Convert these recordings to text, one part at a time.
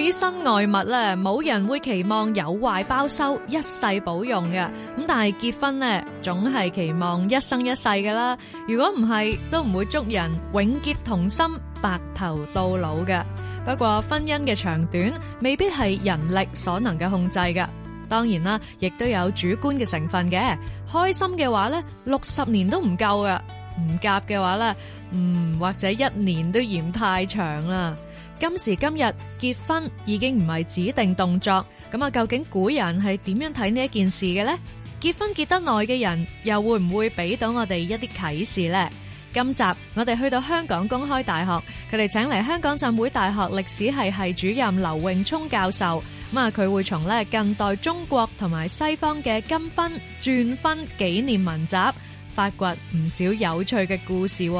至於身外物咧，冇人會期望有壞包收，一世保用嘅。咁但係結婚咧，總係期望一生一世噶啦。如果唔係，都唔會祝人永結同心，白頭到老嘅。不過婚姻嘅長短，未必係人力所能嘅控制嘅。當然啦，亦都有主觀嘅成分嘅。開心嘅話咧，六十年都唔夠噶；唔夾嘅話咧，嗯，或者一年都嫌太長啦。今時今日結婚已經唔係指定動作，咁啊，究竟古人係點樣睇呢一件事嘅呢？結婚結得耐嘅人又會唔會俾到我哋一啲啟示呢？今集我哋去到香港公開大學，佢哋請嚟香港浸會大學歷史系系主任劉永聰教授，咁啊，佢會從咧近代中國同埋西方嘅金婚、鑽婚紀念文集，發掘唔少有趣嘅故事。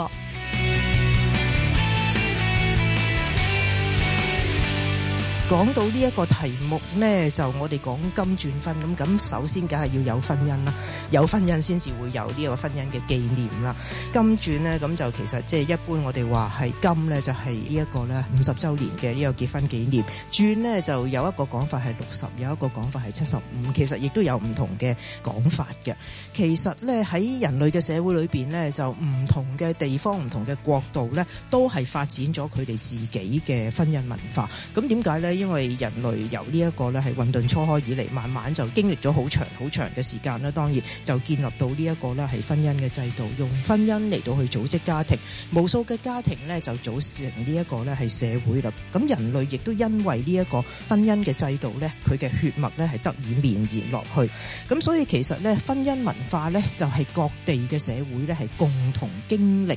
講到呢一個題目呢，就我哋講金鑽婚咁，咁首先梗係要有婚姻啦，有婚姻先至會有呢個婚姻嘅紀念啦。金鑽呢，咁就其實即係一般我哋話係金呢，就係呢一個呢五十週年嘅呢個結婚紀念；鑽呢，就有一個講法係六十，有一個講法係七十五，其實亦都有唔同嘅講法嘅。其實呢，喺人類嘅社會裏面呢，就唔同嘅地方、唔同嘅國度呢，都係發展咗佢哋自己嘅婚姻文化。咁點解呢？因為人類由這個混沌初開始慢慢就經歷了很長很長的時間，當然就建立到這個是婚姻的制度，用婚姻來到去組織家庭，無數的家庭呢就組成這個是社會了，人類也都因為這個婚姻的制度，它的渠譜得以綿延落去，所以其實婚姻文化呢就是各地的社會是共同經歷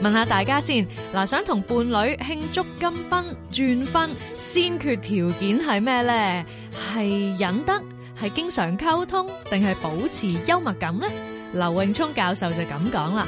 問下大家先，嗱，想同伴侶慶祝金婚、鑽婚，先決條件係咩呢？係忍得，係經常溝通，定係保持幽默感呢？劉永聰教授就咁講啦。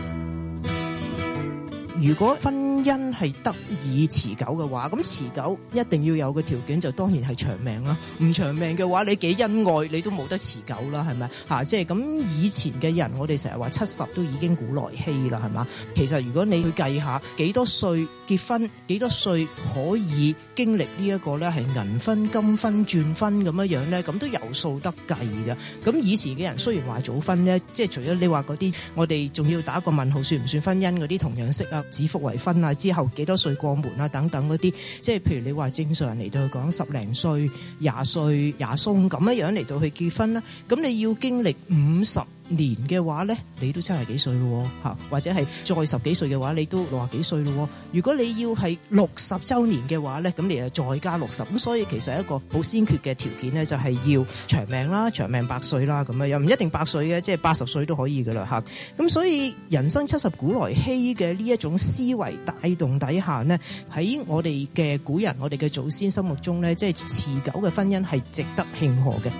如果婚姻係得以持久嘅話，咁持久一定要有個條件，就當然係長命啦。唔長命嘅話，你幾恩愛你都冇得持久啦，係咪？吓、啊？即係咁以前嘅人，我哋成日話七十都已經古來稀啦，係嘛？其實如果你去計下幾多歲結婚，幾多歲可以經歷呢一個咧係銀婚、金婚、鑽婚咁樣樣咧，咁都有數得計嘅。咁以前嘅人雖然話早婚咧，即係除咗你話嗰啲，我哋仲要打個問號算唔算婚姻嗰啲同樣式啊？指腹為婚啊，之後幾多歲過門啊，等等嗰啲，即係譬如你話正常嚟到去講十零歲、廿歲、廿鬆咁樣樣嚟到去結婚啦，咁你要經歷五十。年嘅話咧，你都七十幾歲咯喎，嚇或者係再十幾歲嘅話，你都六十幾歲咯喎。如果你要係六十週年嘅話咧，咁你就再加六十。咁所以其實一個好先決嘅條件咧，就係要長命啦，長命百歲啦咁樣，又唔一定百歲嘅，即係八十歲都可以噶啦嚇。咁所以人生七十古來稀嘅呢一種思維帶動底下呢，喺我哋嘅古人、我哋嘅祖先心目中咧，即係持久嘅婚姻係值得慶賀嘅。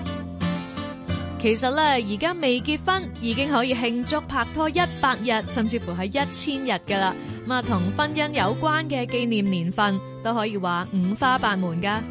其實咧，而家未結婚已經可以慶祝拍拖一百日，甚至乎係一千日噶啦。咁啊，同婚姻有關嘅紀念年份都可以話五花八門噶。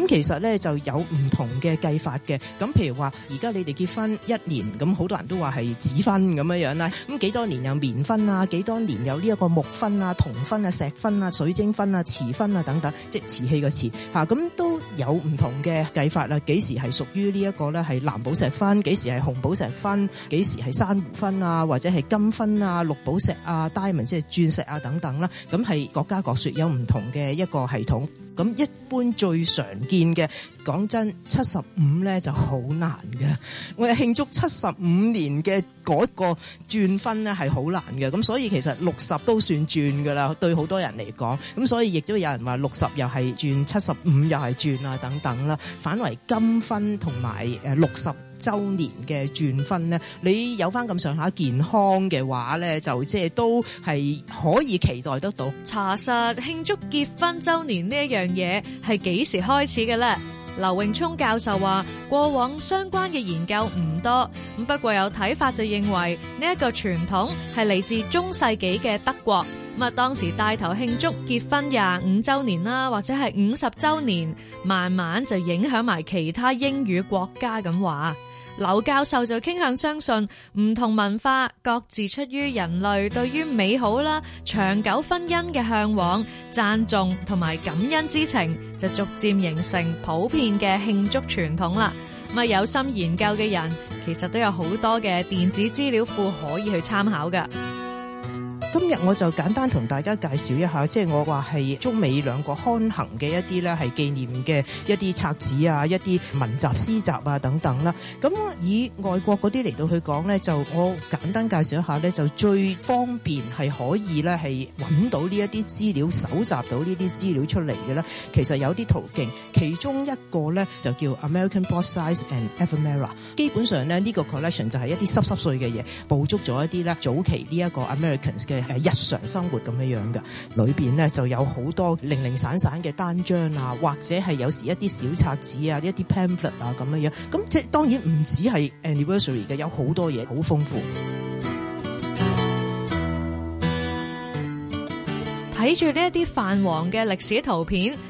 咁其實咧就有唔同嘅計法嘅，咁譬如話，而家你哋結婚一年，咁好多人都話係紙婚咁樣樣啦，咁幾多年有棉婚啊，幾多年有呢一個木婚啊、銅婚啊、石婚啊、水晶婚啊、瓷婚啊等等，即瓷器個瓷嚇，咁都有唔同嘅計法啦。幾時係屬於呢一個咧係藍寶石婚，幾時係紅寶石婚，幾時係珊瑚婚啊，或者係金婚啊、綠寶石啊、diamond 即係鑽石啊等等啦，咁係各家各說，有唔同嘅一個系統。咁一般最常見嘅，講真七十五呢就好難嘅。我哋慶祝七十五年嘅嗰個鑽婚呢係好難嘅。咁所以其實六十都算鑽噶啦，對好多人嚟講。咁所以亦都有人話六十又係鑽，七十五又係鑽啊等等啦。反為金婚同埋誒六十，周年嘅鑽婚呢，你有翻咁上下健康嘅話呢，就即係都係可以期待得到。查實慶祝結婚周年呢一樣嘢係幾時開始嘅呢？劉永聰教授話：過往相關嘅研究唔多，咁不過有睇法就認為呢一個傳統係嚟自中世紀嘅德國。咁啊，當時帶頭慶祝結婚廿五周年啦，或者係五十周年，慢慢就影響埋其他英語國家咁話。劉教授就傾向相信，唔同文化各自出於人類對於美好啦、長久婚姻嘅向往、讚頌同埋感恩之情，就逐漸形成普遍嘅慶祝傳統啦。咁有心研究嘅人其實都有好多嘅電子資料庫可以去參考噶。今日我就簡單同大家介紹一下，即、就、係、是、我話係中美兩國刊行嘅一啲咧係紀念嘅一啲冊子啊、一啲文集、詩集啊等等啦、啊。咁、嗯、以外國嗰啲嚟到去講咧，就我簡單介紹一下咧，就最方便係可以咧係揾到呢一啲資料、搜集到呢啲資料出嚟嘅咧。其實有啲途徑，其中一個咧就叫 American Broadsides and Ephemera。基本上咧，呢、這個 collection 就係一啲濕濕碎嘅嘢，捕捉咗一啲咧早期呢一個 Americans 嘅。誒日常生活咁樣樣嘅，裏邊咧就有好多零零散散嘅單張啊，或者係有時一啲小冊子啊，一啲 pamphlet 啊咁樣樣，咁即係當然唔止係 anniversary 嘅，有好多嘢好豐富。睇住呢一啲泛黃嘅歷史圖片。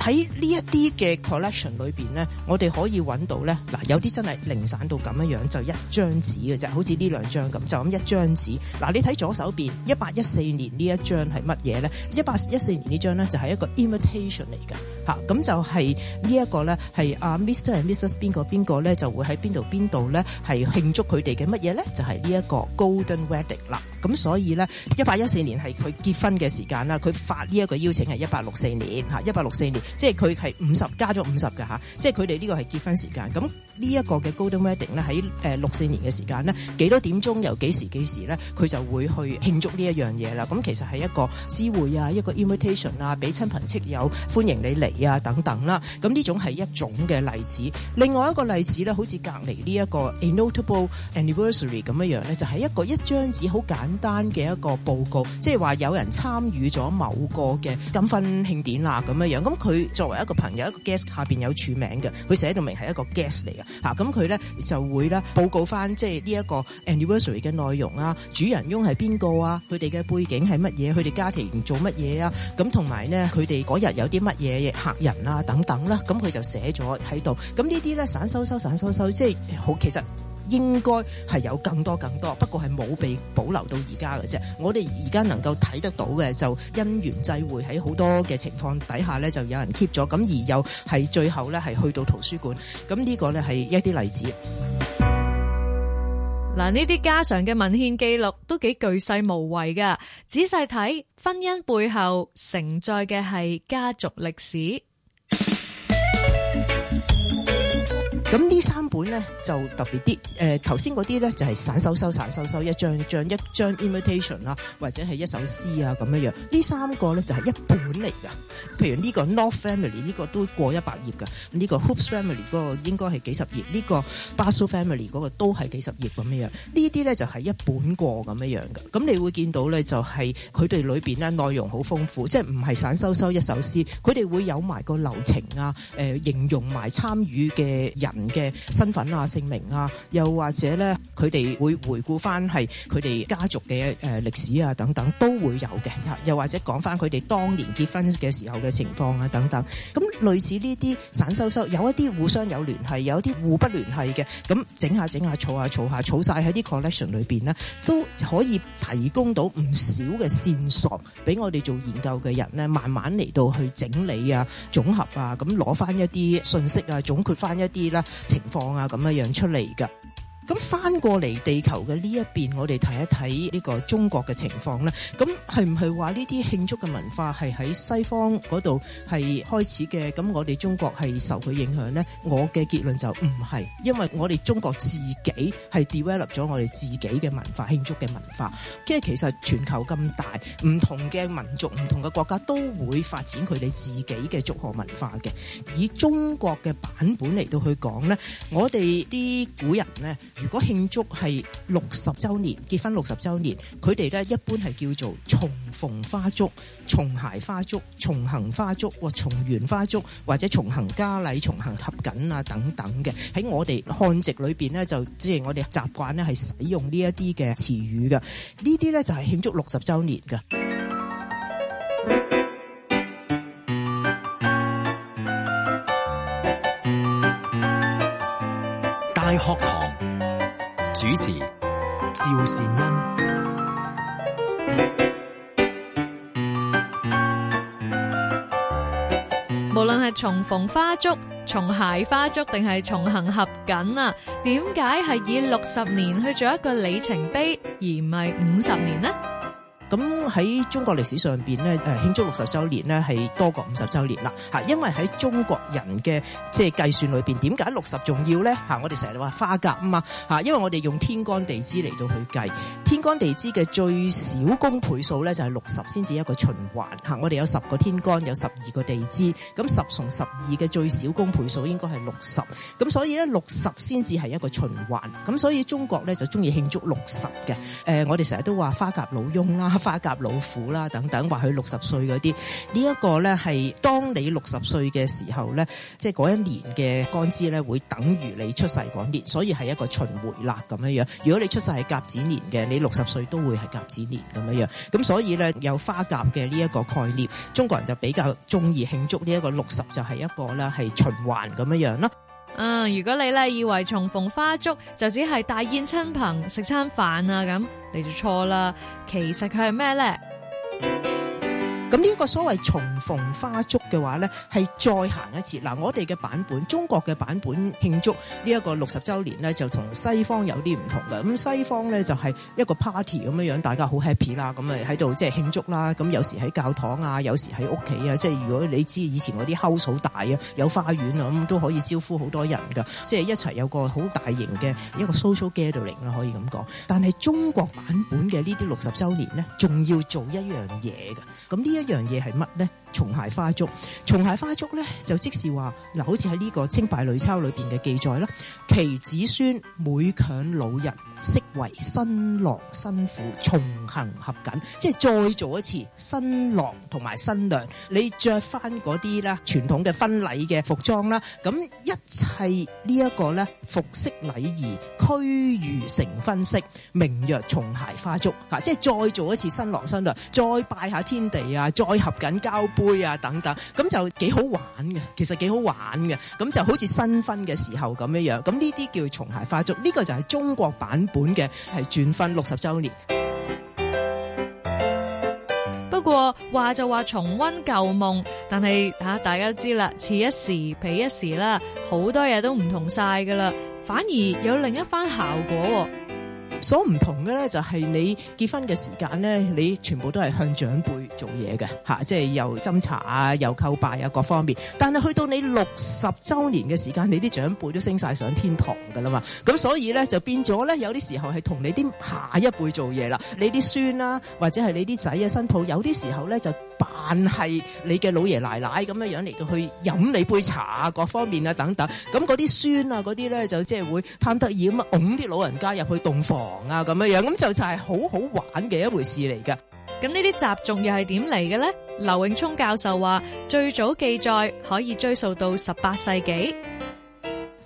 喺呢一啲嘅 collection 裏邊咧，我哋可以揾到咧，嗱有啲真係零散到咁樣樣，就一張紙嘅啫，好似呢兩張咁，就咁一張紙。嗱你睇左手邊，一八一四年呢一張係乜嘢咧？一八一四年呢張咧就係一個 invitation 嚟嘅吓，咁就係呢一個咧係啊 Mr. and Missus 邊個邊個咧就會喺邊度邊度咧係慶祝佢哋嘅乜嘢咧？就係呢一個 golden wedding 啦。咁所以咧，一八一四年係佢結婚嘅時間啦，佢發呢一個邀請係一八六四年，吓，一八六四年。即係佢係五十加咗五十㗎吓，即係佢哋呢個係結婚時間。咁呢一個嘅 golden wedding 咧，喺誒六四年嘅時間咧，幾多點鐘由幾時幾時咧，佢就會去慶祝呢一樣嘢啦。咁其實係一個私會啊，一個 invitation 啊，俾親朋戚友歡迎你嚟啊，等等啦、啊。咁呢種係一種嘅例子。另外一個例子咧，好似隔離呢一個 notable anniversary 咁樣樣咧，就係、是、一個一張紙好簡單嘅一個報告，即係話有人參與咗某個嘅金婚慶典啊咁樣樣咁佢。作為一個朋友，一個 guest 下邊有署名嘅，佢寫到明名係一個 guest 嚟嘅，嚇咁佢咧就會咧報告翻，即係呢一個 anniversary 嘅內容啊，主人翁係邊個啊，佢哋嘅背景係乜嘢，佢哋家庭做乜嘢啊，咁同埋咧佢哋嗰日有啲乜嘢客人啊等等啦、啊，咁佢就寫咗喺度，咁呢啲咧散修修散修修，即係好其實。應該係有更多更多，不過係冇被保留到而家嘅啫。我哋而家能夠睇得到嘅，就因緣際會喺好多嘅情況底下咧，就有人 keep 咗，咁而又係最後咧係去到圖書館。咁呢個咧係一啲例子。嗱，呢啲家常嘅文獻記錄都幾巨細無遺噶。仔細睇，婚姻背後承載嘅係家族歷史。咁呢三本咧就特別啲，誒頭先嗰啲咧就係、是、散收收、散收收一張一張一張 invitation 啦、啊，或者係一首詩啊咁樣樣，呢三個咧就係、是、一本嚟噶。譬如呢個 North Family 呢個都過一百頁噶，呢、這個 Hoops Family 嗰個應該係幾十頁呢、這個 Basel Family 嗰個都係幾十頁咁樣樣，呢啲咧就係、是、一本過咁樣樣嘅。咁你會見到咧就係佢哋裏邊咧內容好豐富，即係唔係散收收一首詩，佢哋會有埋個流程啊，誒、呃、形容埋參與嘅人。嘅身份啊、姓名啊，又或者咧，佢哋會回顧翻係佢哋家族嘅誒歷史啊等等，都會有嘅。吓，又或者講翻佢哋當年結婚嘅時候嘅情況啊等等。咁類似呢啲散修修，有一啲互相有聯繫，有一啲互不聯繫嘅。咁整下整下，儲下儲下，儲晒喺啲 collection 裏邊咧，都可以提供到唔少嘅線索，俾我哋做研究嘅人咧，慢慢嚟到去整理啊、總合啊，咁攞翻一啲信息啊，總括翻一啲啦、啊。情況啊，咁樣樣出嚟㗎。咁翻過嚟地球嘅呢一邊，我哋睇一睇呢個中國嘅情況咧。咁係唔係話呢啲慶祝嘅文化係喺西方嗰度係開始嘅？咁我哋中國係受佢影響呢。我嘅結論就唔係，因為我哋中國自己係 develop 咗我哋自己嘅文化，慶祝嘅文化。因為其實全球咁大，唔同嘅民族、唔同嘅國家都會發展佢哋自己嘅祝賀文化嘅。以中國嘅版本嚟到去講呢，我哋啲古人呢。如果慶祝係六十周年結婚六十周年，佢哋咧一般係叫做重逢花燭、重諧花燭、重行花燭或重圓花燭，或者重行嘉禮、重行合巹啊，等等嘅。喺我哋漢籍裏邊咧，就即係、就是、我哋習慣咧係使用呢一啲嘅詞語嘅。呢啲咧就係慶祝六十周年嘅大學堂。主持趙善恩，無論係重逢花燭、重諧花燭、定係重行合巹啊，點解係以六十年去做一個里程碑，而唔係五十年呢？咁喺中國歷史上面咧，誒慶祝六十週年呢，係多過五十週年啦嚇，因為喺中國人嘅即係計算裏面，點解六十重要呢嚇？我哋成日話花甲啊嘛嚇，因為我哋用天干地支嚟到去計，天干地支嘅最小公倍數咧，就係六十先至一個循環嚇。我哋有十個天干，有十二個地支，咁十從十二嘅最小公倍數應該係六十，咁所以咧，六十先至係一個循環，咁所以中國咧，就中意慶祝六十嘅誒，我哋成日都話花甲老翁啦。花甲老虎啦，等等，話佢六十歲嗰啲，呢、這、一個呢係當你六十歲嘅時候呢，即係嗰一年嘅干支呢，會等於你出世嗰年，所以係一個循環啦咁樣樣。如果你出世係甲子年嘅，你六十歲都會係甲子年咁樣樣。咁所以呢，有花甲嘅呢一個概念，中國人就比較中意慶祝呢一個六十，就係一個呢係循環咁樣樣咯。嗯，如果你呢以為重逢花燭就只係大宴親朋食餐飯啊咁。你就錯啦，其實佢係咩咧？咁呢個所謂重逢花燭嘅話呢，係再行一次嗱。我哋嘅版本，中國嘅版本慶祝呢一個六十週年呢，就同西方有啲唔同嘅。咁、嗯、西方呢，就係、是、一個 party 咁樣樣大家好 happy 啦，咁啊喺度即係慶祝啦。咁、嗯、有時喺教堂啊，有時喺屋企啊，即係如果你知以前嗰啲 house 好大啊，有花園啊，咁、嗯、都可以招呼好多人㗎。即係一齊有一個好大型嘅一個 social gathering 啦，可以咁講。但係中國版本嘅呢啲六十週年呢，仲要做一樣嘢㗎。咁呢一樣嘢係乜呢？松鞋花燭，鬆鞋花燭咧，就即是話嗱，好似喺呢個《清稗類抄》裏邊嘅記載啦，其子孫每強老人。式為新郎新婦重行合巹，即係再做一次新郎同埋新娘，你着翻嗰啲咧傳統嘅婚禮嘅服裝啦，咁一切呢一個咧服飾禮儀俱如成婚式，名曰重諧花燭，嚇，即係再做一次新郎新娘，再拜下天地啊，再合巹交杯啊，等等，咁就幾好玩嘅，其實幾好玩嘅，咁就好似新婚嘅時候咁樣樣，咁呢啲叫重諧花燭，呢個就係中國版。本嘅係鑽婚六十週年，不過話就話重温舊夢，但係吓大家都知啦，此一時，彼一時啦，好多嘢都唔同曬噶啦，反而有另一番效果。所唔同嘅咧，就係、是、你結婚嘅時間咧，你全部都係向長輩做嘢嘅嚇，即係又斟茶啊，又叩拜啊，各方面。但係去到你六十週年嘅時間，你啲長輩都升晒上天堂噶啦嘛。咁所以咧，就變咗咧，有啲時候係同你啲下一輩做嘢啦。你啲孫啦、啊，或者係你啲仔啊新抱，有啲時候咧就。扮係你嘅老爺奶奶咁樣樣嚟到去飲你杯茶，各方面啊等等。咁嗰啲孫啊，嗰啲咧就即係會貪得意咁啊，拱啲老人家入去洞房啊，咁樣樣咁就就係好好玩嘅一回事嚟噶。咁呢啲習俗又係點嚟嘅咧？劉永聰教授話，最早記載可以追溯到十八世紀。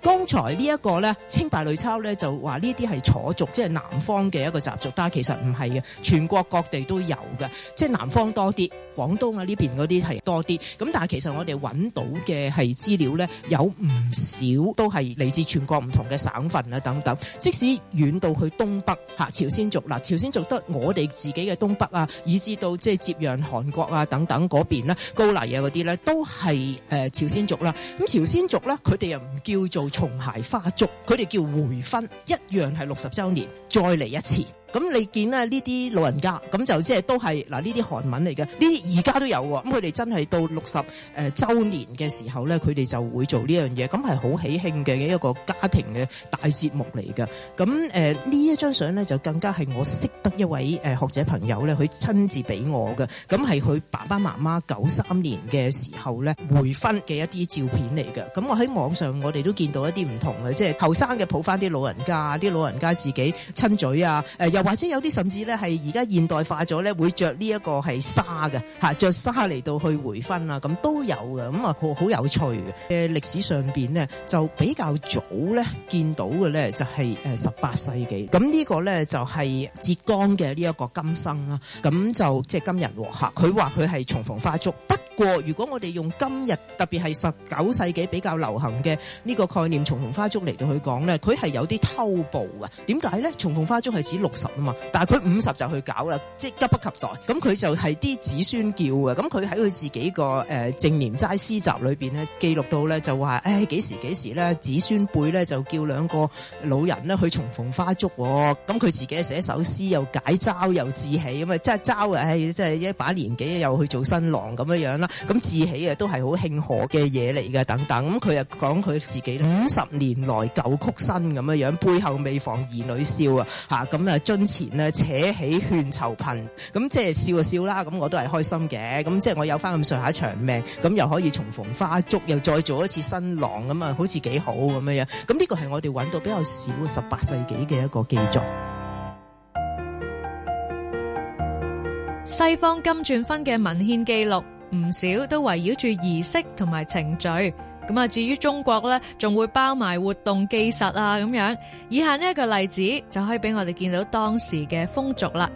剛才呢一個咧，清稗類鈔咧就話呢啲係楚族，即係南方嘅一個習俗，但係其實唔係嘅，全國各地都有嘅，即係南方多啲。廣東啊呢邊嗰啲係多啲，咁但係其實我哋揾到嘅係資料咧，有唔少都係嚟自全國唔同嘅省份啊等等。即使遠到去東北嚇，朝鮮族嗱，朝鮮族得我哋自己嘅東北啊，以至到即係接壤韓國啊等等嗰邊咧，高麗啊嗰啲咧，都係誒朝鮮族啦。咁朝鮮族咧，佢哋又唔叫做重諧花燭，佢哋叫回婚，一樣係六十週年，再嚟一次。咁你見呢啲老人家，咁就即係都係嗱呢啲韓文嚟嘅，呢啲而家都有喎。咁佢哋真係到六十、呃、周年嘅時候咧，佢哋就會做呢樣嘢，咁係好喜慶嘅一個家庭嘅大節目嚟嘅。咁、呃、呢一張相咧就更加係我識得一位、呃、學者朋友咧，佢親自俾我嘅。咁係佢爸爸媽媽九三年嘅時候咧回婚嘅一啲照片嚟嘅。咁我喺網上我哋都見到一啲唔同嘅，即係後生嘅抱翻啲老人家，啲老人家自己親嘴啊，呃、又～或者有啲甚至咧係而家現代化咗咧，會着呢一個係紗嘅嚇，著紗嚟到去回婚啊，咁都有嘅，咁啊好好有趣嘅。歷史上面咧就比較早咧見到嘅咧就係誒十八世紀，咁呢個咧就係浙江嘅呢一個今生啦，咁就即係今日嚇，佢話佢係重逢花燭。如果我哋用今日特別係十九世紀比較流行嘅呢個概念，重逢花燭嚟到去講咧，佢係有啲偷步啊，點解咧？重逢花燭係指六十啊嘛，但係佢五十就去搞啦，即係急不及待。咁佢就係啲子孫叫嘅。咁佢喺佢自己個正年齋詩集裏邊咧，記錄到咧就話，誒幾時幾時咧？子孫輩咧就叫兩個老人咧去重逢花燭。咁佢自己寫首詩又解嘲又自喜咁啊！即係嘲嘅、哎，即係一把年紀又去做新郎咁樣樣。啦。咁自喜啊，都係好慶賀嘅嘢，嚟嘅，等等。咁佢啊講佢自己五十年來舊曲新咁樣樣，背後未妨兒女笑啊。吓咁啊樽前呢扯起勸酬貧。咁即係笑就笑啦。咁我都係開心嘅。咁即係我有翻咁上下長命，咁又可以重逢花燭，又再做一次新郎咁啊，好似幾好咁樣樣。咁呢個係我哋揾到比較少十八世紀嘅一個記載，西方金鑽婚嘅文獻記錄唔少都圍繞住儀式同埋程序，咁啊，至於中國咧，仲會包埋活動記實啊咁樣。以下呢一個例子就可以俾我哋見到當時嘅風俗啦。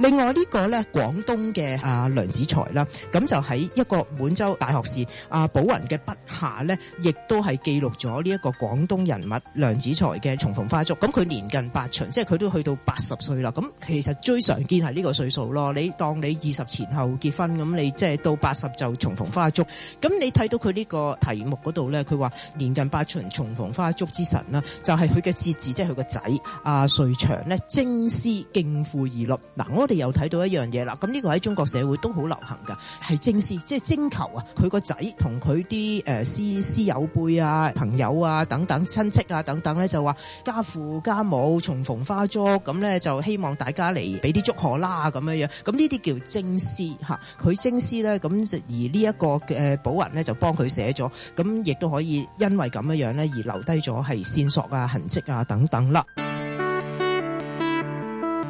另外、這個、呢個咧，廣東嘅阿梁子才啦，咁就喺一個滿洲大學士阿寶雲嘅筆下咧，亦都係記錄咗呢一個廣東人物梁子才嘅重逢花燭。咁佢年近八旬，即係佢都去到八十歲啦。咁其實最常見係呢個歲數咯。你當你二十前後結婚，咁你即係到八十就重逢花燭。咁你睇到佢呢個題目嗰度咧，佢話年近八旬重逢花燭之神啦，就係佢嘅節字，即係佢個仔阿瑞祥咧，精、啊、思敬父而立。嗱，我。我哋又睇到一樣嘢啦，咁呢個喺中國社會都好流行噶，係徵詩，即係徵求啊！佢個仔同佢啲誒師師友輩啊、朋友啊、等等親戚啊等等咧，就話家父家母重逢花燭，咁咧就希望大家嚟俾啲祝賀啦咁樣樣，咁呢啲叫徵詩嚇，佢徵詩咧，咁而呢一個嘅保雲咧就幫佢寫咗，咁亦都可以因為咁樣樣咧而留低咗係線索啊、痕跡啊等等啦。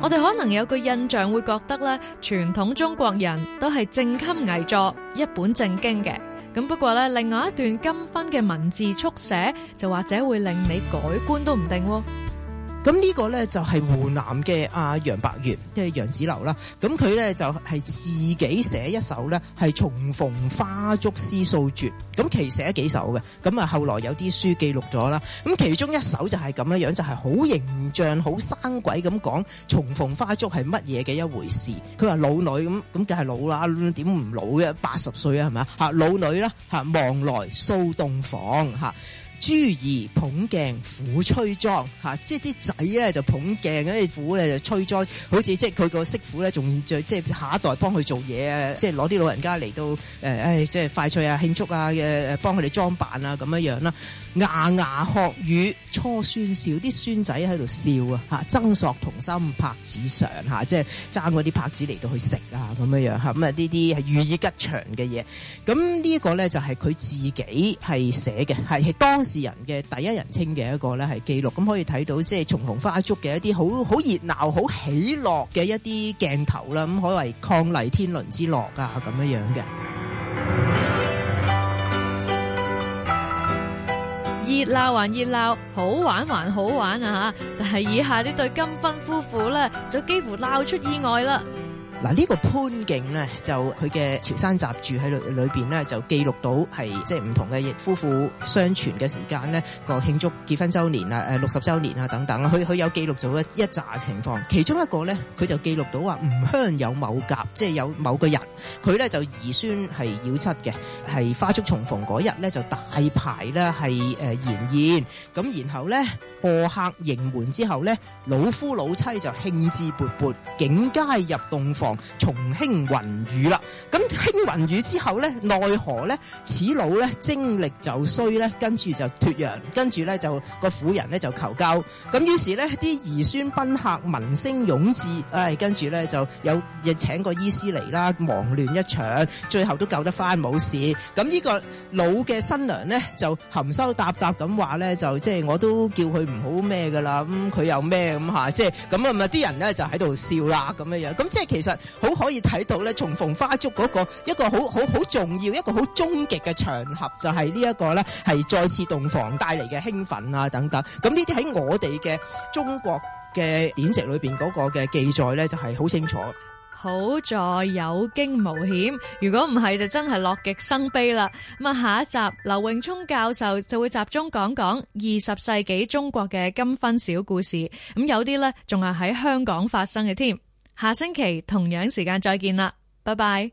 我哋可能有個印象會覺得咧，傳統中國人都係正襟危坐、一本正經嘅。咁不過咧，另外一段金婚嘅文字速寫，就或者會令你改觀都唔定喎。咁呢個咧就係、是、湖南嘅阿、啊、楊白月，即係楊子樓啦。咁佢咧就係、是、自己寫一首咧係重逢花燭詩數絕。咁其寫幾首嘅。咁啊後來有啲書記錄咗啦。咁其中一首就係咁樣，就係、是、好形象、好生鬼咁講重逢花燭係乜嘢嘅一回事。佢話老女咁咁，梗係老啦，點唔老嘅，八十歲啊？係咪啊？老女啦，望來掃洞房。諸兒捧鏡婦催妝，即係啲仔咧就捧鏡，啲婦咧就催妝，好似即係佢個媳婦咧，仲再即係下一代幫佢做嘢啊！即係攞啲老人家嚟到誒、哎、即係快趣啊、慶祝啊嘅幫佢哋裝扮啊咁樣樣啦。牙牙學語，初孫，孫笑，啲孫仔喺度笑啊！嚇，爭索同心拍子上、啊、即係爭嗰啲拍子嚟到去食啊咁樣樣嚇，咁啊呢啲係寓意吉祥嘅嘢。咁呢個咧就係、是、佢自己係寫嘅，係當事人嘅第一人稱嘅一個咧係記錄。咁可以睇到即係從紅花燭嘅一啲好好熱鬧、好喜樂嘅一啲鏡頭啦。咁、啊、可謂抗麗天倫之樂啊，咁樣樣嘅。熱鬧還熱鬧，好玩還好玩啊！吓，但係以下呢對金婚夫婦咧，就幾乎鬧出意外啦。嗱、這個、呢個潘景咧，就佢嘅潮汕雜住喺裏裏邊咧，就記錄到係即係唔同嘅夫婦相傳嘅時間咧，個慶祝結婚周年啊、誒六十周年啊等等，佢佢有記錄咗一一紮情況。其中一個咧，佢就記錄到話吾鄉有某甲，即、就、係、是、有某個人，佢咧就兒孫係繞膝嘅，係花燭重逢嗰日咧就大排咧係誒筵宴，咁、呃、然後咧賀客迎門之後咧，老夫老妻就興致勃勃，警街入洞房。重興雲雨啦，咁興雲雨之後咧，奈何咧此老咧精力就衰咧，跟住就脱陽，跟住咧就個婦人咧就求救，咁於是咧啲兒孫賓客聞聲湧至，唉，跟住咧就有亦請個醫師嚟啦，忙亂一場，最後都救得翻冇事。咁呢個老嘅新娘咧就含羞答答咁話咧，就即係、就是、我都叫佢唔好咩㗎啦，咁佢又咩咁嚇，即係咁啊！咪啲人咧就喺度笑啦咁嘅樣，咁即係其實好可以睇到咧，重逢花燭嗰個一個好好好重要一個好終極嘅場合，就係呢一個咧係再次洞房帶嚟嘅興奮啊等等。咁呢啲喺我哋嘅中國嘅典籍裏邊嗰個嘅記載咧，就係好清楚。好在有驚無險，如果唔係就真係樂極生悲啦。咁啊下一集劉永聰教授就會集中講講二十世紀中國嘅金婚小故事。咁有啲咧仲係喺香港發生嘅添。下星期同樣時間再見啦，拜拜。